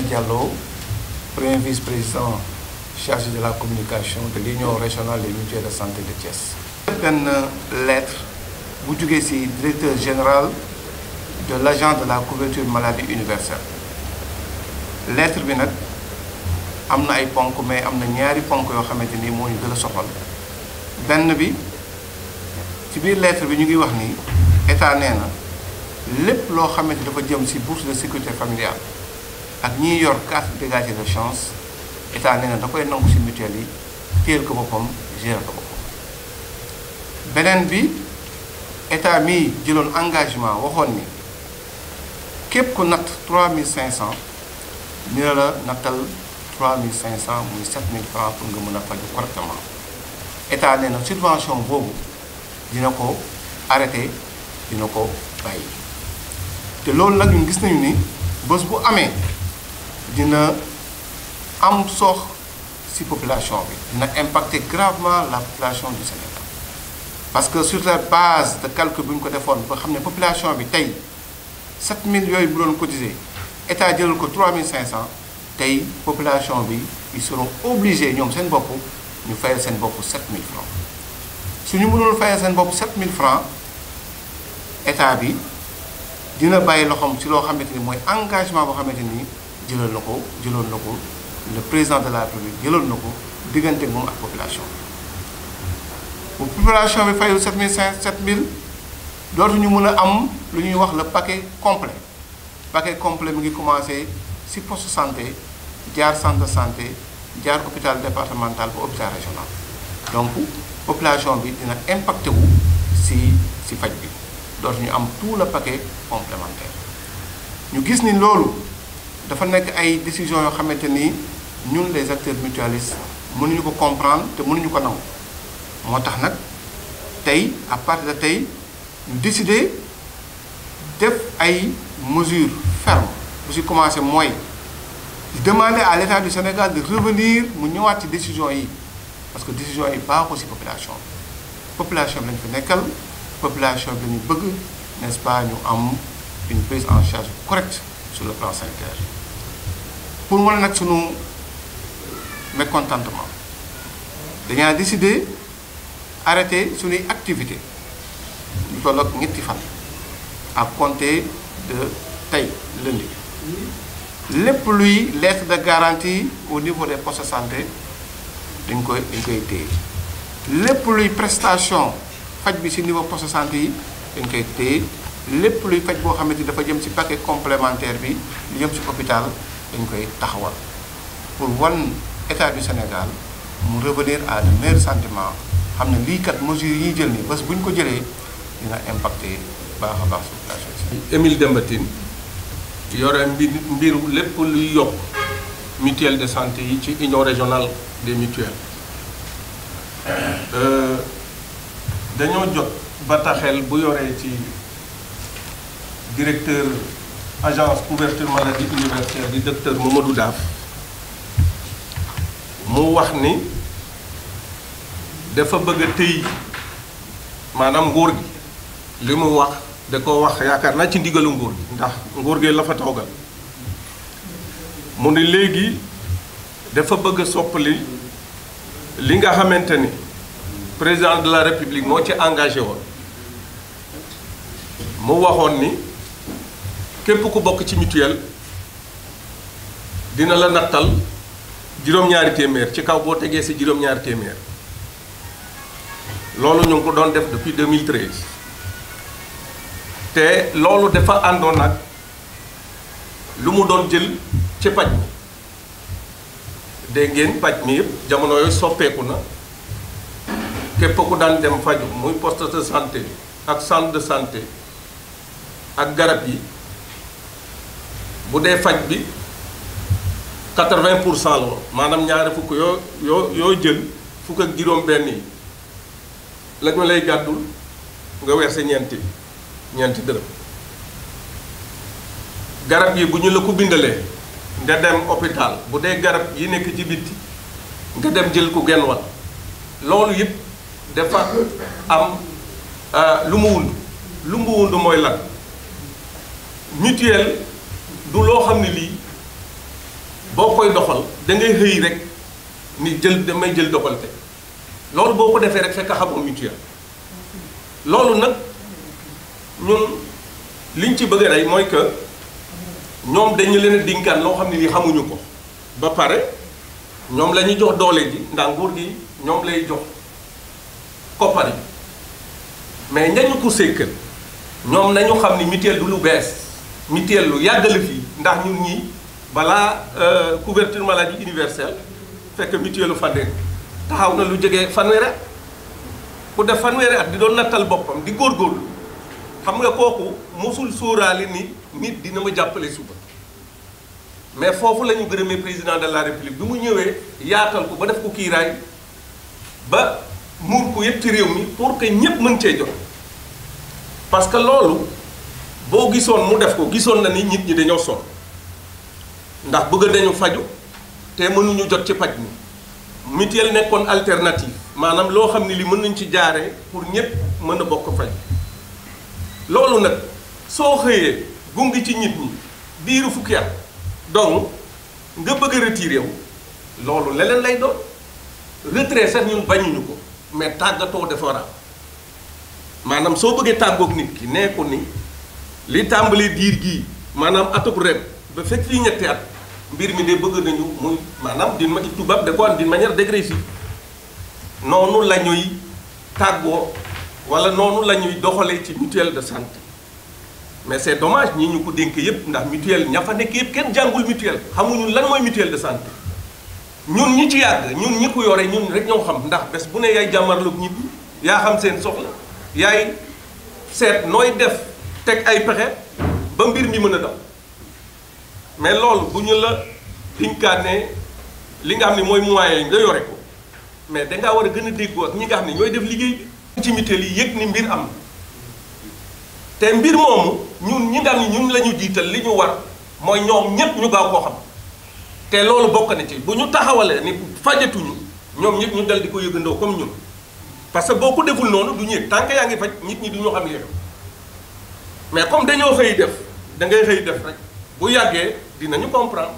Ibrahima Diallo, premier vice-président chargé de la communication de l'Union régionale des mutuelles de santé de Thiès. benn lettre bu jugee ci directeur général de l'agence de la couverture maladie universelle lettre bi nag am na ay ponk mais am na ñaari ponk yoo xamante ni moo ñu gën a soxal benn bi ci biir lettre bi ñu ngi wax ni état nee na lépp loo xamante dafa jëm ci bourse de sécurité familiale ak ñiy yor carte dégagée de chance état nee na da koy nangu si mutuelle yi téel ko boppam gérer ko boppam beneen bi état mi jëloon engagement waxoon ni képp ku natt 3500 ñu cent la nattal 3500 muy 7000 francs pour nga mën a faju correctement état nee na subvention boobu dina ko arrêté dina ko bàyyi te loolu nag ñun gis nañu ni bés bu amee dina am sox ci population bi dina impacter gravement la population du Sénégal parce que sur la base de calcul bu ñu ko defoon ba xam ne population bi tey 7000 yooyu bu doon cotiser état jëlal ko 3500 tey population bi ils seront obligés ñoom seen bopp ñu fayal seen bopp 7000 francs su ñu mënul fayal seen bopp 7000 francs état bi dina bàyyi loxoom ci loo xamante ni mooy engagement boo xamante ni. jëloon na ko jëloon na ko le président de la république jëloon na ko diggante moom ak population bu population bi fayul 7500 7000 ñu mën a am lu ñuy wax le paquet complet paquet complet mi ngi commencé si post santé jaar centre santé jaar hôpital départemental ba hôpital régional donc population bi dina impacté wu si si faj bi dootuñu am tout le paquet complémentaire ñu gis ni loolu. dafa nekk ay décisions yoo xamante ni ñun les acteurs mutualistes mënuñu ko comprendre te mënuñu ko naw moo tax nag tey à partir tey ñu décider def ay mesures fermes bu si commencé mooy di à l'État du Sénégal de revenir mu ñëwaat ci décision yi parce que décision ay baaxul si population population bi lañ fi nekkal population bi lañu bëgg n'est-ce ñu am une prise en charge correcte sur le plan sanitaire pour wane nag sunu mécontentement dañaa décidé arrêté suñuy activité lu toll ak ñetti fan à compter de tey lundi lépp luy lettre de garantie au niveau des postes santé dañ koy dañ koy téye lépp luy prestation faj bi ci niveau post de santé yi dañ koy téye lépp luy faj boo xamante ni dafa jëm ci paquet complementaire bi li jëm ci hôpital dañ koy taxawal pour wan état du Sénégal mu revenir à de meilleurs sentiments xam ne lii kat mesures yi jël nii bés bu ko jëlee dina impacté baax a baax situation si. Émile Demba yore mbir mbir lépp luy yokk mutuelle de santé yi ci union régionale des mutuelles euh, dañoo jot bataxel bu yore ci directeur. agence couverture maladie universelle di docteur Mamadou Daaf mu wax ni dafa bëgg a maanaam nguur gi li mu wax da ko wax yaakaar naa ci ndigalu nguur gi ndax nguur gi la fa toogal mu ne léegi dafa bëgg a soppali li nga xamante ni président de la république moo ci engagé woon mu waxoon ni képp ku bokk ci mutuel dina la nattal juróom-ñaari téeméer ci kaw boo tegee si juróom-ñaari téeméer loolu ñu ngi ko doon def depuis 2013 te loolu dafa àndoon ak lu mu doon jël ci paj mi dégg paj mi jamono yooyu soppeeku na képp ku daan dem faju muy poste de santé ak centre de santé ak garab yi bu dee faj bi 80 pour cent la maanaam ñaari fukk yoo yoo yoo jël fukk ak juróom-benn yi la ñu lay gàddul nga werse ñeenti ñeenti dërëm garab yi bu ñu la ko bindalee nga dem hôpital bu dee garab yi nekk ci bitti nga dem jël ko genn wat loolu yëpp dafa am euh, lu mu wund lu mu wund mooy lan mutuelle. du loo xam ne lii boo koy doxal dangay ngay xëy rek ni jël damay jël doxalte loolu boo ko defee rek fekk xam-xam loolu nag ñun ci bëgg rey mooy que ñoom dañu leen a loo xam ne lii xamuñu ko ba pare ñoom la ñuy jox doole ji ndax nguur gi ñoom lay jox koppar yi mais ñañu ko sékkal ñoom nañu xam ni mutuel du lu bees ñu lu yàggale fii ndax ñun ñii balaa euh, couverture maladie universelle fekk mutuelle Fadeg taxaw na lu jege fanweeri at ku def fanweeri at di doon nattal boppam di góor góorgóorlu xam nga kooku mosul sóoraale ni nit dina ma jàppale suba mais foofu la ñu gërëmee président de la république bi mu ñëwee yaatal ko ba def ku kiiraay ba muur ko yëpp ci réew mi pour que ñëpp mën cee jot parce que loolu. boo gisoon mu def ko gisoon na ni nit ñi dañoo sol ndax bëgg nañu faju te mënuñu jot ci paj mi mutuelle nekkoon alternative maanaam loo xam ni li mën nañ ci jaaree pour ñëpp mën a bokk faj loolu nag soo xëyee ngi ci nit ñi diiru fukki at donc nga bëgg a wu loolu leneen lay doon retrait sax ñun bañuñu ko mais tàggatoo dafa war a maanaam soo bëggee tàngook nit ki nee ko ni li tàmbali diir gii maanaam atub ren ba fekk fii ñetti at mbir mi de bëgg nañu muy maanaam din ma ci tubaab da ko am d'une manière dégressive noonu la ñuy tàggoo wala noonu la ñuy doxalee ci mutuelle de santé mais c'est dommage ñi ñu ko dénk yëpp ndax mutuelle ña fa nekk yépp kenn jàngul mutuel xamuñu lan mooy mutuelle de santé ñun ñi ci yàgg ñun ñi ko yore ñun rek ñoo xam ndax bés bu ne yaay jàmmarloog ñi yaa xam seen soxla yaay seet nooy def teg ay pexe ba mbir mi mën a daw mais loolu bu ñu la ne li nga xam ne mooy moyens yi nga yore ko mais dangaa war a gën a déggoo ak ñi nga xam ni ñooy def liggéey ci mutuelle yi yëg ni mbir am te mbir moomu ñun ñi nga xam ne ñun la ñu jiital li ñu war mooy ñoom ñëpp ñu gaaw koo xam te loolu bokk na ci bu ñu taxawalee ni fajatuñu ñoom ñëpp ñu daldi di ko yëgandoo comme ñun parce que boo ko deful noonu du ñu tànk yaa ngi faj nit ñi du ñu xam li mais comme dañoo xëy def da ngay xëy def rek bu yàggee dinañu comprendre.